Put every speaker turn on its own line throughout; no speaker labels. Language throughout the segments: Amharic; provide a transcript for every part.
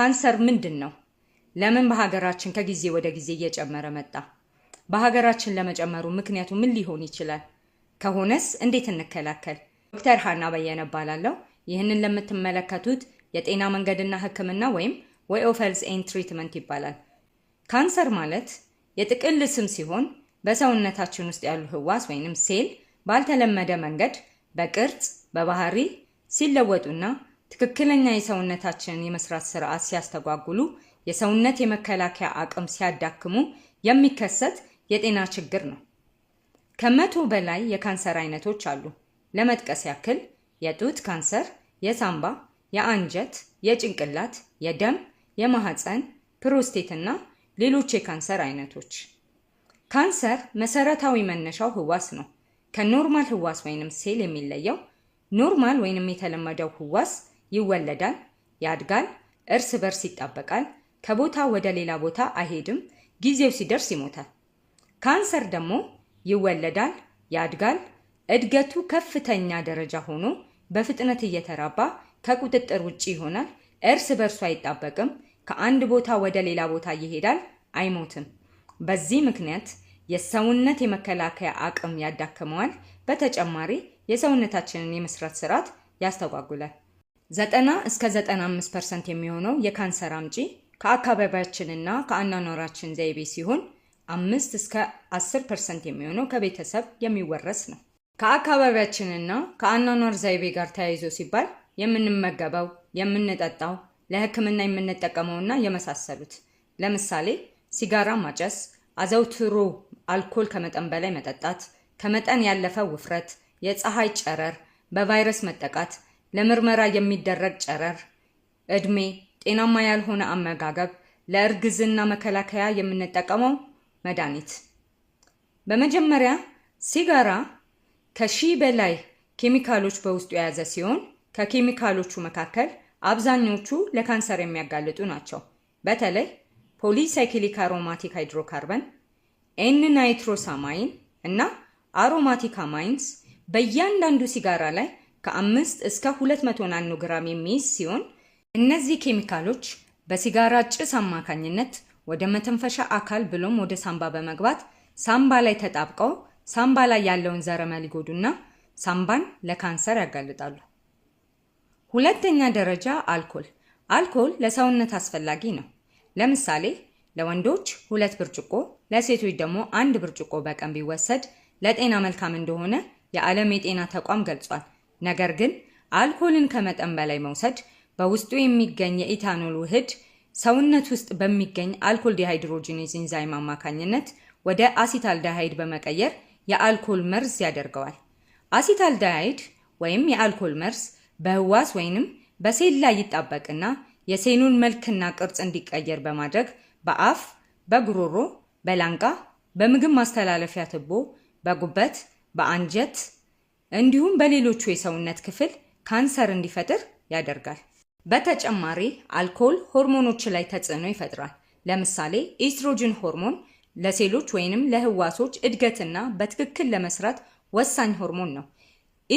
ካንሰር ምንድን ነው? ለምን በሀገራችን ከጊዜ ወደ ጊዜ እየጨመረ መጣ? በሀገራችን ለመጨመሩ ምክንያቱ ምን ሊሆን ይችላል? ከሆነስ እንዴት እንከላከል? ዶክተር ሀና በየነ እባላለሁ። ይህንን ለምትመለከቱት የጤና መንገድና ሕክምና ወይም ወይ ኦፍ ሄልዝ ኤንድ ትሪትመንት ይባላል። ካንሰር ማለት የጥቅል ስም ሲሆን በሰውነታችን ውስጥ ያሉ ህዋስ ወይንም ሴል ባልተለመደ መንገድ በቅርጽ በባህሪ ሲለወጡና ትክክለኛ የሰውነታችንን የመስራት ስርዓት ሲያስተጓጉሉ፣ የሰውነት የመከላከያ አቅም ሲያዳክሙ የሚከሰት የጤና ችግር ነው። ከመቶ በላይ የካንሰር አይነቶች አሉ። ለመጥቀስ ያክል የጡት ካንሰር፣ የሳምባ፣ የአንጀት፣ የጭንቅላት፣ የደም፣ የማህፀን፣ ፕሮስቴት እና ሌሎች የካንሰር አይነቶች። ካንሰር መሰረታዊ መነሻው ህዋስ ነው። ከኖርማል ህዋስ ወይንም ሴል የሚለየው ኖርማል ወይንም የተለመደው ህዋስ ይወለዳል፣ ያድጋል፣ እርስ በርስ ይጣበቃል፣ ከቦታ ወደ ሌላ ቦታ አይሄድም፣ ጊዜው ሲደርስ ይሞታል። ካንሰር ደግሞ ይወለዳል፣ ያድጋል፣ እድገቱ ከፍተኛ ደረጃ ሆኖ በፍጥነት እየተራባ ከቁጥጥር ውጭ ይሆናል፣ እርስ በርሱ አይጣበቅም፣ ከአንድ ቦታ ወደ ሌላ ቦታ ይሄዳል፣ አይሞትም። በዚህ ምክንያት የሰውነት የመከላከያ አቅም ያዳክመዋል። በተጨማሪ የሰውነታችንን የመስራት ስርዓት ያስተጓጉላል። ዘጠና እስከ ዘጠና አምስት ፐርሰንት የሚሆነው የካንሰር አምጪ ከአካባቢያችንና ከአናኗራችን ዘይቤ ሲሆን አምስት እስከ አስር ፐርሰንት የሚሆነው ከቤተሰብ የሚወረስ ነው። ከአካባቢያችንና ከአናኗር ዘይቤ ጋር ተያይዞ ሲባል የምንመገበው፣ የምንጠጣው፣ ለሕክምና የምንጠቀመውና የመሳሰሉት ለምሳሌ ሲጋራ ማጨስ፣ አዘውትሮ አልኮል ከመጠን በላይ መጠጣት፣ ከመጠን ያለፈ ውፍረት፣ የፀሐይ ጨረር፣ በቫይረስ መጠቃት ለምርመራ የሚደረግ ጨረር፣ እድሜ፣ ጤናማ ያልሆነ አመጋገብ፣ ለእርግዝና መከላከያ የምንጠቀመው መድኃኒት። በመጀመሪያ ሲጋራ ከሺህ በላይ ኬሚካሎች በውስጡ የያዘ ሲሆን ከኬሚካሎቹ መካከል አብዛኞቹ ለካንሰር የሚያጋልጡ ናቸው። በተለይ ፖሊሳይክሊክ አሮማቲክ ሃይድሮካርበን፣ ኤን ናይትሮሳማይን እና አሮማቲክ አማይንስ በእያንዳንዱ ሲጋራ ላይ ከአምስት እስከ 200 ናኖ ግራም የሚይዝ ሲሆን እነዚህ ኬሚካሎች በሲጋራ ጭስ አማካኝነት ወደ መተንፈሻ አካል ብሎም ወደ ሳምባ በመግባት ሳምባ ላይ ተጣብቀው ሳምባ ላይ ያለውን ዘረመል ይጎዱና ሳምባን ለካንሰር ያጋልጣሉ። ሁለተኛ ደረጃ አልኮል። አልኮል ለሰውነት አስፈላጊ ነው። ለምሳሌ ለወንዶች ሁለት ብርጭቆ ለሴቶች ደግሞ አንድ ብርጭቆ በቀን ቢወሰድ ለጤና መልካም እንደሆነ የዓለም የጤና ተቋም ገልጿል። ነገር ግን አልኮልን ከመጠን በላይ መውሰድ በውስጡ የሚገኝ የኢታኖል ውህድ ሰውነት ውስጥ በሚገኝ አልኮል ዲሃይድሮጂኔዝ ኢንዛይም አማካኝነት ወደ አሲታልዳሃይድ በመቀየር የአልኮል መርዝ ያደርገዋል። አሲታልዳሃይድ ወይም የአልኮል መርዝ በህዋስ ወይንም በሴል ላይ ይጣበቅና የሴኑን መልክና ቅርጽ እንዲቀየር በማድረግ በአፍ፣ በጉሮሮ፣ በላንቃ፣ በምግብ ማስተላለፊያ ትቦ፣ በጉበት፣ በአንጀት እንዲሁም በሌሎቹ የሰውነት ክፍል ካንሰር እንዲፈጥር ያደርጋል። በተጨማሪ አልኮል ሆርሞኖች ላይ ተጽዕኖ ይፈጥራል። ለምሳሌ ኢስትሮጅን ሆርሞን ለሴሎች ወይንም ለህዋሶች እድገትና በትክክል ለመስራት ወሳኝ ሆርሞን ነው።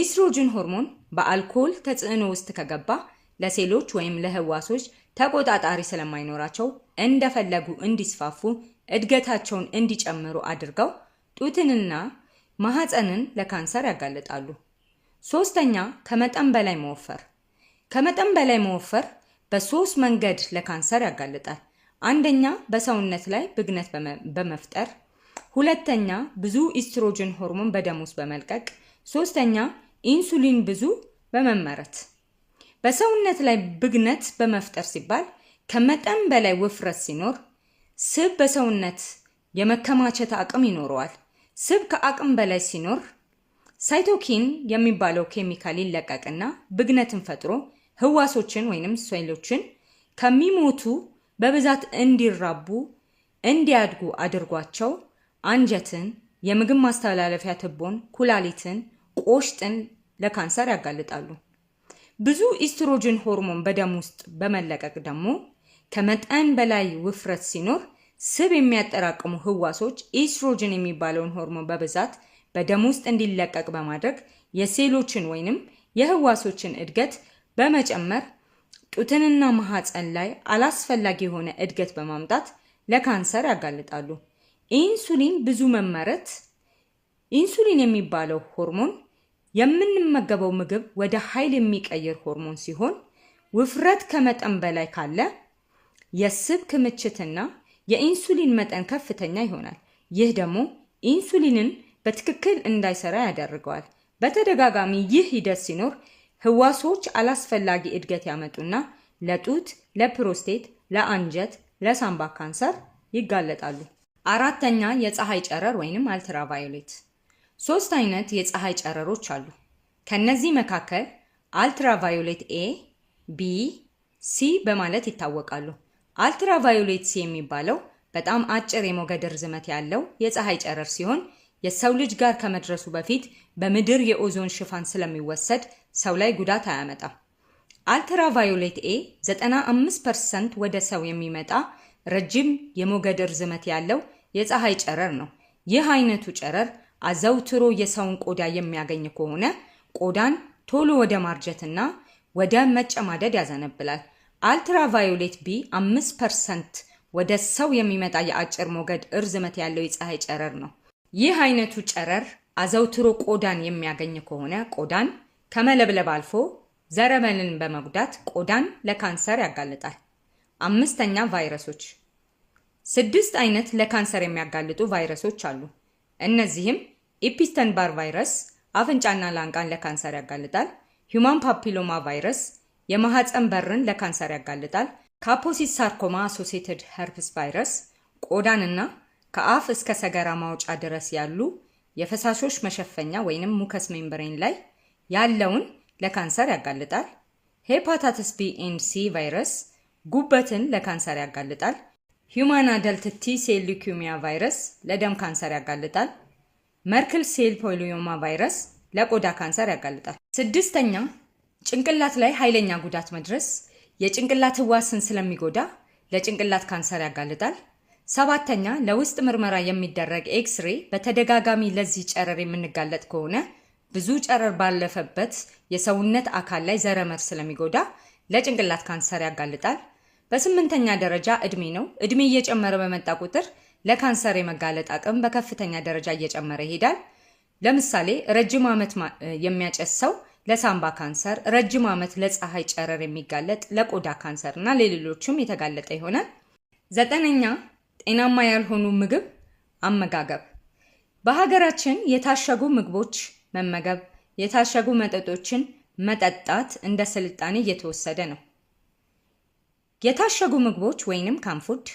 ኢስትሮጅን ሆርሞን በአልኮል ተጽዕኖ ውስጥ ከገባ ለሴሎች ወይም ለህዋሶች ተቆጣጣሪ ስለማይኖራቸው እንደፈለጉ እንዲስፋፉ እድገታቸውን እንዲጨምሩ አድርገው ጡትንና ማህፀንን ለካንሰር ያጋልጣሉ። ሶስተኛ ከመጠን በላይ መወፈር። ከመጠን በላይ መወፈር በሶስት መንገድ ለካንሰር ያጋልጣል። አንደኛ በሰውነት ላይ ብግነት በመፍጠር፣ ሁለተኛ ብዙ ኢስትሮጅን ሆርሞን በደም ውስጥ በመልቀቅ፣ ሶስተኛ ኢንሱሊን ብዙ በመመረት። በሰውነት ላይ ብግነት በመፍጠር ሲባል ከመጠን በላይ ውፍረት ሲኖር ስብ በሰውነት የመከማቸት አቅም ይኖረዋል። ስብ ከአቅም በላይ ሲኖር ሳይቶኪን የሚባለው ኬሚካል ይለቀቅና ብግነትን ፈጥሮ ህዋሶችን ወይንም ሴሎችን ከሚሞቱ በብዛት እንዲራቡ እንዲያድጉ አድርጓቸው አንጀትን፣ የምግብ ማስተላለፊያ ትቦን፣ ኩላሊትን፣ ቆሽጥን ለካንሰር ያጋልጣሉ። ብዙ ኢስትሮጅን ሆርሞን በደም ውስጥ በመለቀቅ ደግሞ ከመጠን በላይ ውፍረት ሲኖር ስብ የሚያጠራቅሙ ህዋሶች ኢስትሮጅን የሚባለውን ሆርሞን በብዛት በደም ውስጥ እንዲለቀቅ በማድረግ የሴሎችን ወይንም የህዋሶችን እድገት በመጨመር ጡትንና ማህፀን ላይ አላስፈላጊ የሆነ እድገት በማምጣት ለካንሰር ያጋልጣሉ። ኢንሱሊን ብዙ መመረት ኢንሱሊን የሚባለው ሆርሞን የምንመገበው ምግብ ወደ ኃይል የሚቀይር ሆርሞን ሲሆን ውፍረት ከመጠን በላይ ካለ የስብ ክምችትና የኢንሱሊን መጠን ከፍተኛ ይሆናል። ይህ ደግሞ ኢንሱሊንን በትክክል እንዳይሰራ ያደርገዋል። በተደጋጋሚ ይህ ሂደት ሲኖር ህዋሶች አላስፈላጊ እድገት ያመጡና ለጡት፣ ለፕሮስቴት፣ ለአንጀት፣ ለሳምባ ካንሰር ይጋለጣሉ። አራተኛ የፀሐይ ጨረር ወይንም አልትራቫዮሌት። ሶስት አይነት የፀሐይ ጨረሮች አሉ። ከነዚህ መካከል አልትራቫዮሌት ኤ፣ ቢ፣ ሲ በማለት ይታወቃሉ። ሲ የሚባለው በጣም አጭር የሞገድ ርዝመት ያለው የፀሐይ ጨረር ሲሆን የሰው ልጅ ጋር ከመድረሱ በፊት በምድር የኦዞን ሽፋን ስለሚወሰድ ሰው ላይ ጉዳት አያመጣም። አልትራቫዮሌት ኤ 95% ወደ ሰው የሚመጣ ረጅም የሞገድ ርዝመት ያለው የፀሐይ ጨረር ነው። ይህ አይነቱ ጨረር አዘውትሮ የሰውን ቆዳ የሚያገኝ ከሆነ ቆዳን ቶሎ ወደ ማርጀትና ወደ መጨማደድ ያዘነብላል። አልትራቫዮሌት ቢ 5 ፐርሰንት ወደ ሰው የሚመጣ የአጭር ሞገድ እርዝመት ያለው የፀሐይ ጨረር ነው። ይህ አይነቱ ጨረር አዘውትሮ ቆዳን የሚያገኝ ከሆነ ቆዳን ከመለብለብ አልፎ ዘረመልን በመጉዳት ቆዳን ለካንሰር ያጋልጣል። አምስተኛ ቫይረሶች፣ ስድስት አይነት ለካንሰር የሚያጋልጡ ቫይረሶች አሉ። እነዚህም ኢፒስተንባር ቫይረስ አፍንጫና ላንቃን ለካንሰር ያጋልጣል። ሂማን ፓፒሎማ ቫይረስ የማህፀን በርን ለካንሰር ያጋልጣል። ካፖሲት ሳርኮማ አሶሴትድ ሄርፕስ ቫይረስ ቆዳንና ከአፍ እስከ ሰገራ ማውጫ ድረስ ያሉ የፈሳሾች መሸፈኛ ወይንም ሙከስ ሜምብሬን ላይ ያለውን ለካንሰር ያጋልጣል። ሄፓታትስ ቢ ኤንድ ሲ ቫይረስ ጉበትን ለካንሰር ያጋልጣል። ሂዩማን አደልት ቲ ሴል ሊኩሚያ ቫይረስ ለደም ካንሰር ያጋልጣል። መርክል ሴል ፖሊዮማ ቫይረስ ለቆዳ ካንሰር ያጋልጣል። ስድስተኛ ጭንቅላት ላይ ኃይለኛ ጉዳት መድረስ የጭንቅላት ህዋስን ስለሚጎዳ ለጭንቅላት ካንሰር ያጋልጣል። ሰባተኛ ለውስጥ ምርመራ የሚደረግ ኤክስሬ በተደጋጋሚ ለዚህ ጨረር የምንጋለጥ ከሆነ ብዙ ጨረር ባለፈበት የሰውነት አካል ላይ ዘረመር ስለሚጎዳ ለጭንቅላት ካንሰር ያጋልጣል። በስምንተኛ ደረጃ እድሜ ነው። እድሜ እየጨመረ በመጣ ቁጥር ለካንሰር የመጋለጥ አቅም በከፍተኛ ደረጃ እየጨመረ ይሄዳል። ለምሳሌ ረጅም ዓመት የሚያጨስ ሰው ለሳምባ ካንሰር፣ ረጅም ዓመት ለፀሐይ ጨረር የሚጋለጥ ለቆዳ ካንሰር እና ለሌሎችም የተጋለጠ ይሆናል። ዘጠነኛ ጤናማ ያልሆኑ ምግብ አመጋገብ በሀገራችን የታሸጉ ምግቦች መመገብ፣ የታሸጉ መጠጦችን መጠጣት እንደ ስልጣኔ እየተወሰደ ነው። የታሸጉ ምግቦች ወይንም ካምፉድ፣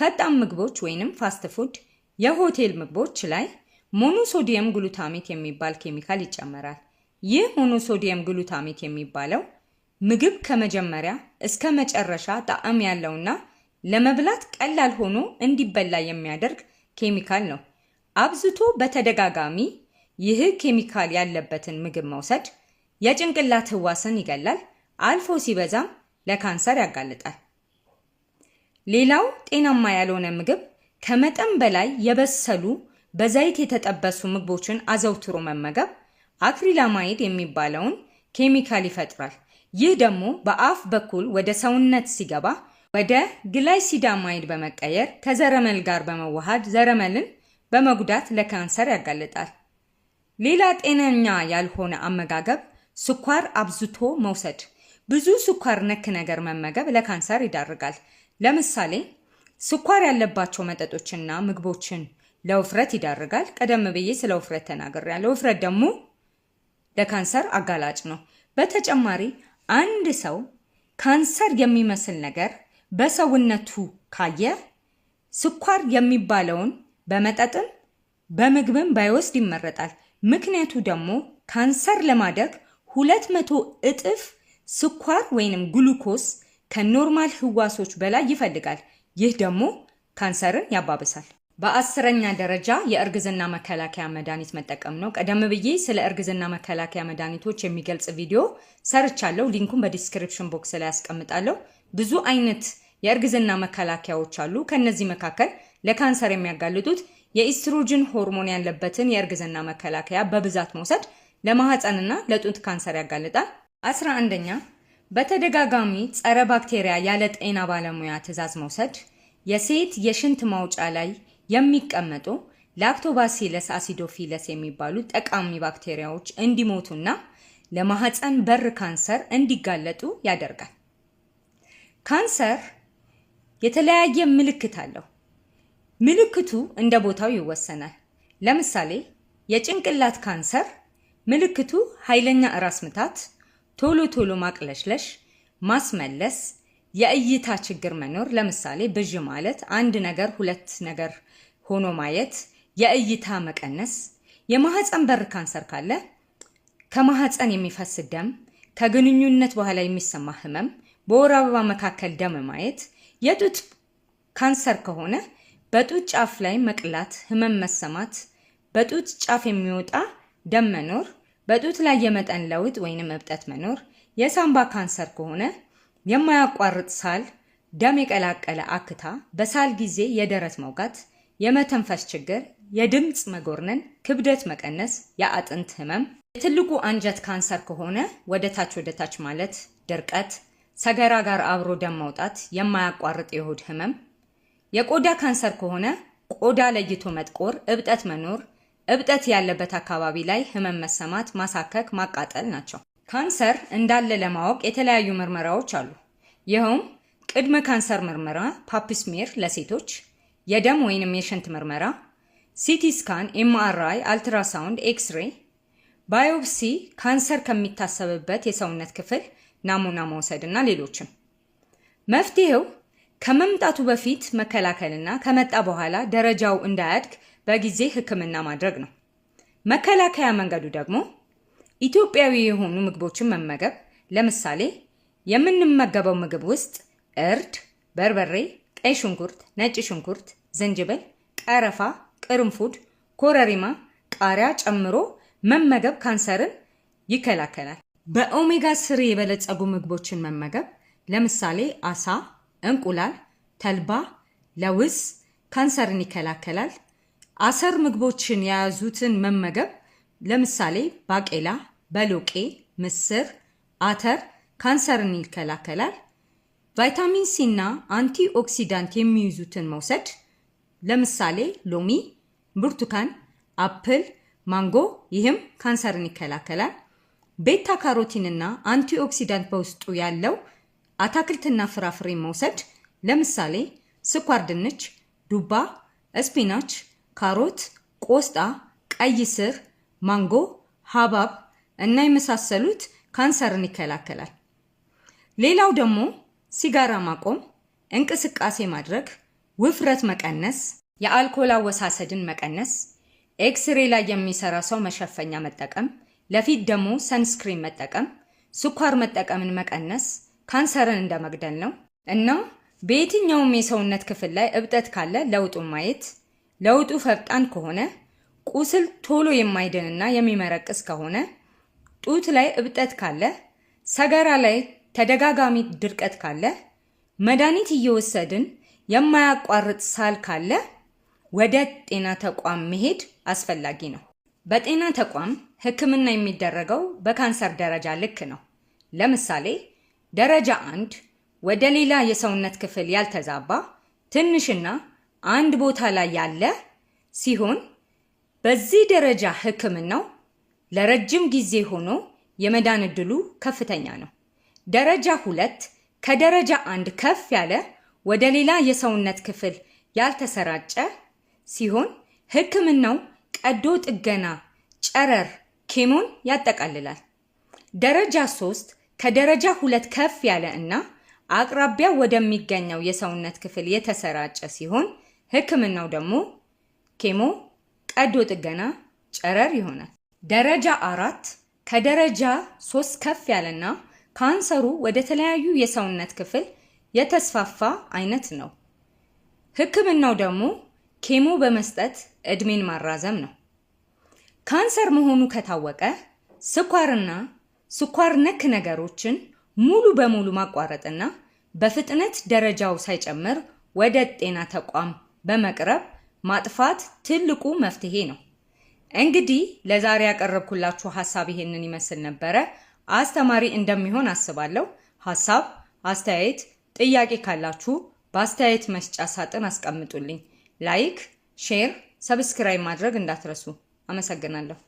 ፈጣን ምግቦች ወይንም ፋስት ፉድ፣ የሆቴል ምግቦች ላይ ሞኖሶዲየም ግሉታሜት የሚባል ኬሚካል ይጨመራል። ይህ ሞኖሶዲየም ግሉታሜት የሚባለው ምግብ ከመጀመሪያ እስከ መጨረሻ ጣዕም ያለውና ለመብላት ቀላል ሆኖ እንዲበላ የሚያደርግ ኬሚካል ነው። አብዝቶ በተደጋጋሚ ይህ ኬሚካል ያለበትን ምግብ መውሰድ የጭንቅላት ህዋስን ይገላል፣ አልፎ ሲበዛም ለካንሰር ያጋልጣል። ሌላው ጤናማ ያልሆነ ምግብ ከመጠን በላይ የበሰሉ በዘይት የተጠበሱ ምግቦችን አዘውትሮ መመገብ አክሪላማይድ የሚባለውን ኬሚካል ይፈጥራል። ይህ ደግሞ በአፍ በኩል ወደ ሰውነት ሲገባ ወደ ግላይሲዳማይድ በመቀየር ከዘረመል ጋር በመዋሃድ ዘረመልን በመጉዳት ለካንሰር ያጋልጣል። ሌላ ጤነኛ ያልሆነ አመጋገብ ስኳር አብዝቶ መውሰድ፣ ብዙ ስኳር ነክ ነገር መመገብ ለካንሰር ይዳርጋል። ለምሳሌ ስኳር ያለባቸው መጠጦችና ምግቦችን ለውፍረት ይዳርጋል። ቀደም ብዬ ስለ ውፍረት ተናግሬያለሁ። ውፍረት ደግሞ ለካንሰር አጋላጭ ነው። በተጨማሪ አንድ ሰው ካንሰር የሚመስል ነገር በሰውነቱ ካየ ስኳር የሚባለውን በመጠጥም በምግብም ባይወስድ ይመረጣል። ምክንያቱ ደግሞ ካንሰር ለማደግ ሁለት መቶ እጥፍ ስኳር ወይንም ግሉኮስ ከኖርማል ህዋሶች በላይ ይፈልጋል። ይህ ደግሞ ካንሰርን ያባብሳል። በአስረኛ ደረጃ የእርግዝና መከላከያ መድኃኒት መጠቀም ነው። ቀደም ብዬ ስለ እርግዝና መከላከያ መድኃኒቶች የሚገልጽ ቪዲዮ ሰርቻለሁ። ሊንኩን በዲስክሪፕሽን ቦክስ ላይ ያስቀምጣለሁ። ብዙ አይነት የእርግዝና መከላከያዎች አሉ። ከነዚህ መካከል ለካንሰር የሚያጋልጡት የኢስትሮጅን ሆርሞን ያለበትን የእርግዝና መከላከያ በብዛት መውሰድ ለማህፀንና ለጡት ካንሰር ያጋልጣል። አስራ አንደኛ በተደጋጋሚ ጸረ ባክቴሪያ ያለ ጤና ባለሙያ ትዕዛዝ መውሰድ፣ የሴት የሽንት ማውጫ ላይ የሚቀመጡ ላክቶባሲለስ አሲዶፊለስ የሚባሉ ጠቃሚ ባክቴሪያዎች እንዲሞቱና ለማህፀን በር ካንሰር እንዲጋለጡ ያደርጋል። ካንሰር የተለያየ ምልክት አለው። ምልክቱ እንደ ቦታው ይወሰናል። ለምሳሌ የጭንቅላት ካንሰር ምልክቱ ኃይለኛ ራስ ምታት፣ ቶሎ ቶሎ ማቅለሽለሽ፣ ማስመለስ፣ የእይታ ችግር መኖር፣ ለምሳሌ ብዥ ማለት አንድ ነገር ሁለት ነገር ሆኖ ማየት፣ የእይታ መቀነስ። የማህፀን በር ካንሰር ካለ ከማህፀን የሚፈስ ደም፣ ከግንኙነት በኋላ የሚሰማ ህመም፣ በወር አበባ መካከል ደም ማየት። የጡት ካንሰር ከሆነ በጡት ጫፍ ላይ መቅላት፣ ህመም መሰማት፣ በጡት ጫፍ የሚወጣ ደም መኖር፣ በጡት ላይ የመጠን ለውጥ ወይንም እብጠት መኖር። የሳምባ ካንሰር ከሆነ የማያቋርጥ ሳል፣ ደም የቀላቀለ አክታ፣ በሳል ጊዜ የደረት መውጋት፣ የመተንፈስ ችግር፣ የድምፅ መጎርነን፣ ክብደት መቀነስ፣ የአጥንት ህመም፣ የትልቁ አንጀት ካንሰር ከሆነ ወደታች ወደታች ማለት፣ ድርቀት፣ ሰገራ ጋር አብሮ ደም መውጣት፣ የማያቋርጥ የሆድ ህመም፣ የቆዳ ካንሰር ከሆነ ቆዳ ለይቶ መጥቆር፣ እብጠት መኖር፣ እብጠት ያለበት አካባቢ ላይ ህመም መሰማት፣ ማሳከክ፣ ማቃጠል ናቸው። ካንሰር እንዳለ ለማወቅ የተለያዩ ምርመራዎች አሉ። ይኸውም ቅድመ ካንሰር ምርመራ ፓፕስሜር ለሴቶች፣ የደም ወይንም የሽንት ምርመራ፣ ሲቲ ስካን፣ ኤምአርአይ፣ አልትራሳውንድ፣ ኤክስሬ፣ ባዮፕሲ፣ ካንሰር ከሚታሰብበት የሰውነት ክፍል ናሙና መውሰድ እና ሌሎችም። መፍትሄው ከመምጣቱ በፊት መከላከልና ከመጣ በኋላ ደረጃው እንዳያድግ በጊዜ ሕክምና ማድረግ ነው። መከላከያ መንገዱ ደግሞ ኢትዮጵያዊ የሆኑ ምግቦችን መመገብ ለምሳሌ የምንመገበው ምግብ ውስጥ እርድ፣ በርበሬ፣ ቀይ ሽንኩርት፣ ነጭ ሽንኩርት፣ ዝንጅብል፣ ቀረፋ፣ ቅርንፉድ፣ ኮረሪማ፣ ቃሪያ ጨምሮ መመገብ ካንሰርን ይከላከላል። በኦሜጋ ስሪ የበለጸጉ ምግቦችን መመገብ ለምሳሌ አሳ፣ እንቁላል፣ ተልባ፣ ለውዝ ካንሰርን ይከላከላል። አሰር ምግቦችን የያዙትን መመገብ ለምሳሌ ባቄላ፣ በሎቄ፣ ምስር፣ አተር ካንሰርን ይከላከላል። ቫይታሚን ሲ እና አንቲ ኦክሲዳንት የሚይዙትን መውሰድ ለምሳሌ ሎሚ፣ ብርቱካን፣ አፕል፣ ማንጎ ይህም ካንሰርን ይከላከላል። ቤታ ካሮቲን እና አንቲ ኦክሲዳንት በውስጡ ያለው አታክልትና ፍራፍሬ መውሰድ ለምሳሌ ስኳር ድንች፣ ዱባ፣ ስፒናች፣ ካሮት፣ ቆስጣ፣ ቀይ ስር ማንጎ፣ ሀባብ እና የመሳሰሉት ካንሰርን ይከላከላል። ሌላው ደግሞ ሲጋራ ማቆም፣ እንቅስቃሴ ማድረግ፣ ውፍረት መቀነስ፣ የአልኮል አወሳሰድን መቀነስ፣ ኤክስሬ ላይ የሚሰራ ሰው መሸፈኛ መጠቀም፣ ለፊት ደግሞ ሰንስክሪን መጠቀም፣ ስኳር መጠቀምን መቀነስ ካንሰርን እንደ መግደል ነው እና በየትኛውም የሰውነት ክፍል ላይ እብጠት ካለ ለውጡ ማየት፣ ለውጡ ፈጣን ከሆነ ቁስል ቶሎ የማይድንና የሚመረቅስ ከሆነ፣ ጡት ላይ እብጠት ካለ፣ ሰገራ ላይ ተደጋጋሚ ድርቀት ካለ፣ መድኃኒት እየወሰድን የማያቋርጥ ሳል ካለ ወደ ጤና ተቋም መሄድ አስፈላጊ ነው። በጤና ተቋም ሕክምና የሚደረገው በካንሰር ደረጃ ልክ ነው። ለምሳሌ ደረጃ አንድ ወደ ሌላ የሰውነት ክፍል ያልተዛባ ትንሽና አንድ ቦታ ላይ ያለ ሲሆን በዚህ ደረጃ ህክምናው ለረጅም ጊዜ ሆኖ የመዳን እድሉ ከፍተኛ ነው። ደረጃ ሁለት ከደረጃ አንድ ከፍ ያለ ወደ ሌላ የሰውነት ክፍል ያልተሰራጨ ሲሆን ህክምናው ቀዶ ጥገና፣ ጨረር፣ ኬሞን ያጠቃልላል። ደረጃ ሶስት ከደረጃ ሁለት ከፍ ያለ እና አቅራቢያ ወደሚገኘው የሰውነት ክፍል የተሰራጨ ሲሆን ህክምናው ደግሞ ኬሞ ቀዶ ጥገና ጨረር ይሆናል። ደረጃ አራት ከደረጃ ሶስት ከፍ ያለና ካንሰሩ ወደ ተለያዩ የሰውነት ክፍል የተስፋፋ አይነት ነው። ሕክምናው ደግሞ ኬሞ በመስጠት እድሜን ማራዘም ነው። ካንሰር መሆኑ ከታወቀ ስኳርና ስኳር ነክ ነገሮችን ሙሉ በሙሉ ማቋረጥና በፍጥነት ደረጃው ሳይጨምር ወደ ጤና ተቋም በመቅረብ ማጥፋት ትልቁ መፍትሄ ነው። እንግዲህ ለዛሬ ያቀረብኩላችሁ ሀሳብ ይሄንን ይመስል ነበረ። አስተማሪ እንደሚሆን አስባለሁ። ሀሳብ፣ አስተያየት፣ ጥያቄ ካላችሁ በአስተያየት መስጫ ሳጥን አስቀምጡልኝ። ላይክ፣ ሼር፣ ሰብስክራይብ ማድረግ እንዳትረሱ። አመሰግናለሁ።